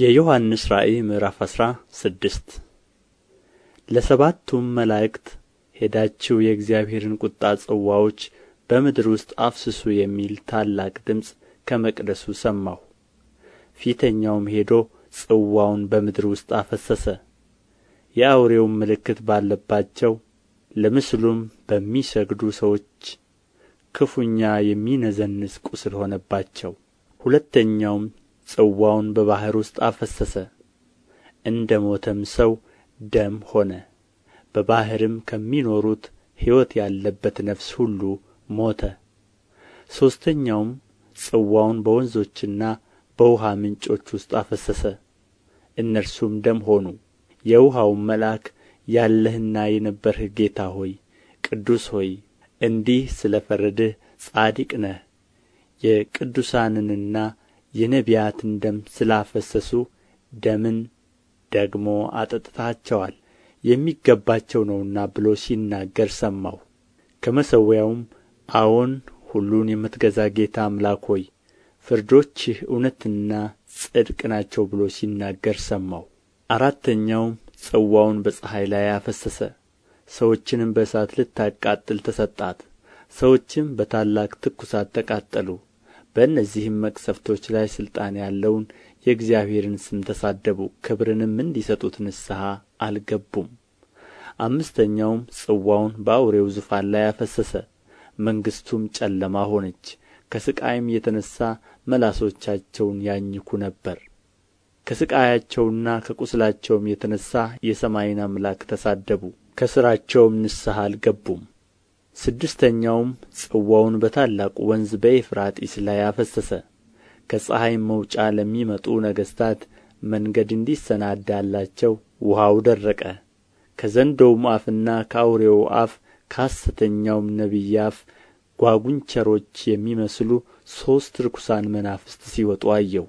የዮሐንስ ራእይ ምዕራፍ አስራ ስድስት ለሰባቱም መላእክት ሄዳችሁ የእግዚአብሔርን ቁጣ ጽዋዎች በምድር ውስጥ አፍስሱ የሚል ታላቅ ድምፅ ከመቅደሱ ሰማሁ። ፊተኛውም ሄዶ ጽዋውን በምድር ውስጥ አፈሰሰ። የአውሬውም ምልክት ባለባቸው ለምስሉም በሚሰግዱ ሰዎች ክፉኛ የሚነዘንዝ ቁስል ሆነባቸው። ሁለተኛውም ጽዋውን በባሕር ውስጥ አፈሰሰ እንደ ሞተም ሰው ደም ሆነ በባሕርም ከሚኖሩት ሕይወት ያለበት ነፍስ ሁሉ ሞተ ሦስተኛውም ጽዋውን በወንዞችና በውኃ ምንጮች ውስጥ አፈሰሰ እነርሱም ደም ሆኑ የውኃውም መልአክ ያለህና የነበርህ ጌታ ሆይ ቅዱስ ሆይ እንዲህ ስለ ፈረድህ ጻድቅ ነህ የቅዱሳንንና የነቢያትን ደም ስላፈሰሱ ደምን ደግሞ አጠጥታቸዋል የሚገባቸው ነውና ብሎ ሲናገር ሰማሁ ከመሠዊያውም አዎን ሁሉን የምትገዛ ጌታ አምላክ ሆይ ፍርዶችህ እውነትና ጽድቅ ናቸው ብሎ ሲናገር ሰማሁ አራተኛውም ጽዋውን በፀሐይ ላይ አፈሰሰ ሰዎችንም በእሳት ልታቃጥል ተሰጣት ሰዎችም በታላቅ ትኩሳት ተቃጠሉ በእነዚህም መቅሠፍቶች ላይ ሥልጣን ያለውን የእግዚአብሔርን ስም ተሳደቡ ክብርንም እንዲሰጡት ንስሐ አልገቡም አምስተኛውም ጽዋውን በአውሬው ዙፋን ላይ አፈሰሰ መንግሥቱም ጨለማ ሆነች ከሥቃይም የተነሣ መላሶቻቸውን ያኝኩ ነበር ከሥቃያቸውና ከቁስላቸውም የተነሣ የሰማይን አምላክ ተሳደቡ ከሥራቸውም ንስሐ አልገቡም ስድስተኛውም ጽዋውን በታላቁ ወንዝ በኤፍራጢስ ላይ አፈሰሰ ከፀሐይም መውጫ ለሚመጡ ነገሥታት መንገድ እንዲሰናዳላቸው ውሃው ደረቀ ከዘንዶውም አፍና ከአውሬው አፍ ከሐሰተኛውም ነቢይ አፍ ጓጉንቸሮች የሚመስሉ ሦስት ርኩሳን መናፍስት ሲወጡ አየሁ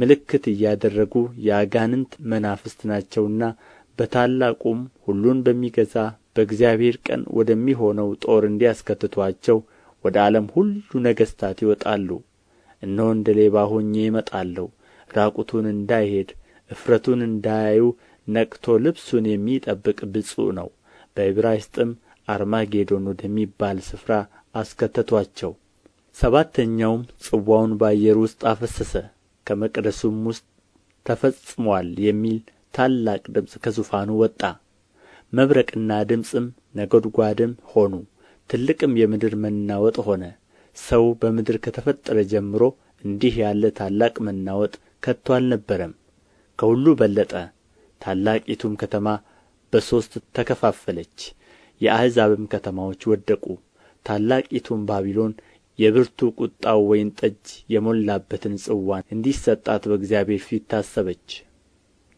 ምልክት እያደረጉ የአጋንንት መናፍስት ናቸውና በታላቁም ሁሉን በሚገዛ በእግዚአብሔር ቀን ወደሚሆነው ጦር እንዲያስከትቱአቸው ወደ ዓለም ሁሉ ነገሥታት ይወጣሉ እነሆ እንደ ሌባ ሆኜ እመጣለሁ ራቁቱን እንዳይሄድ እፍረቱን እንዳያዩ ነቅቶ ልብሱን የሚጠብቅ ብፁዕ ነው በዕብራይስጥም አርማጌዶን ወደሚባል ስፍራ አስከተቷቸው። ሰባተኛውም ጽዋውን በአየር ውስጥ አፈሰሰ ከመቅደሱም ውስጥ ተፈጽሞአል የሚል ታላቅ ድምፅ ከዙፋኑ ወጣ መብረቅና ድምፅም ነጎድጓድም ሆኑ ትልቅም የምድር መናወጥ ሆነ ሰው በምድር ከተፈጠረ ጀምሮ እንዲህ ያለ ታላቅ መናወጥ ከቶ አልነበረም ከሁሉ በለጠ ታላቂቱም ከተማ በሦስት ተከፋፈለች የአሕዛብም ከተማዎች ወደቁ ታላቂቱም ባቢሎን የብርቱ ቁጣው ወይን ጠጅ የሞላበትን ጽዋን እንዲሰጣት በእግዚአብሔር ፊት ታሰበች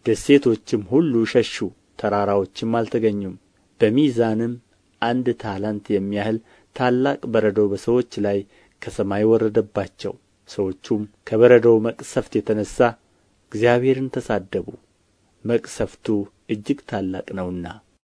ደሴቶችም ሁሉ ሸሹ ተራራዎችም አልተገኙም በሚዛንም አንድ ታላንት የሚያህል ታላቅ በረዶ በሰዎች ላይ ከሰማይ ወረደባቸው ሰዎቹም ከበረዶው መቅሰፍት የተነሣ እግዚአብሔርን ተሳደቡ መቅሰፍቱ እጅግ ታላቅ ነውና